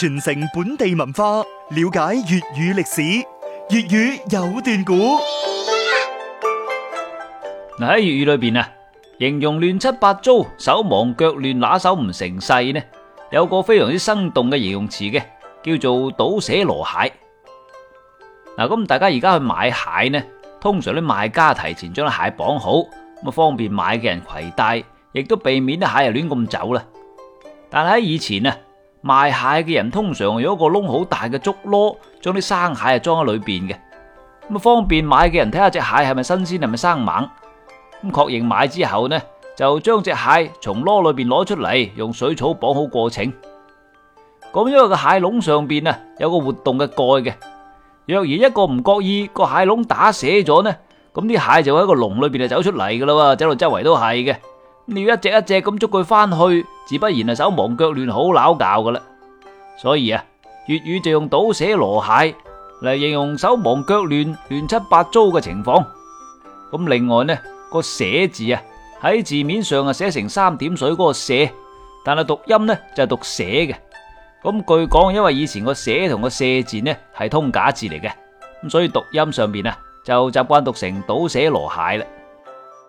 傳承本地文化，了解粵語歷史，粵語有段古。喺粵語裏邊啊，形容亂七八糟、手忙腳亂、拿手唔成勢呢，有個非常之生動嘅形容詞嘅，叫做倒瀉籮蟹。嗱，咁大家而家去買蟹呢，通常啲賣家提前將啲蟹綁好，咁啊方便買嘅人攜帶，亦都避免啲蟹又亂咁走啦。但喺以前啊。賣蟹嘅人通常用一個窿好大嘅竹籮，將啲生蟹啊裝喺裏邊嘅，咁啊方便買嘅人睇下隻蟹係咪新鮮，係咪生猛。咁確認買之後呢，就將隻蟹從籮裏邊攞出嚟，用水草綁好過秤。咁因為個蟹籠上邊啊有個活動嘅蓋嘅，若然一個唔覺意個蟹籠打死咗呢，咁啲蟹就會喺個籠裏邊啊走出嚟噶啦，喎，走到周圍都係嘅。你要一隻一隻咁捉佢翻去，自不然係手忙腳亂，好拗教噶啦。所以啊，粵語就用倒瀉籮蟹嚟形容手忙腳亂、亂七八糟嘅情況。咁另外呢、那個瀉字啊喺字面上啊寫成三點水嗰、那個瀉，但係讀音呢就係、是、讀寫嘅。咁據講，因為以前個寫同個瀉字呢係通假字嚟嘅，咁所以讀音上邊啊就習慣讀成倒寫籮蟹啦。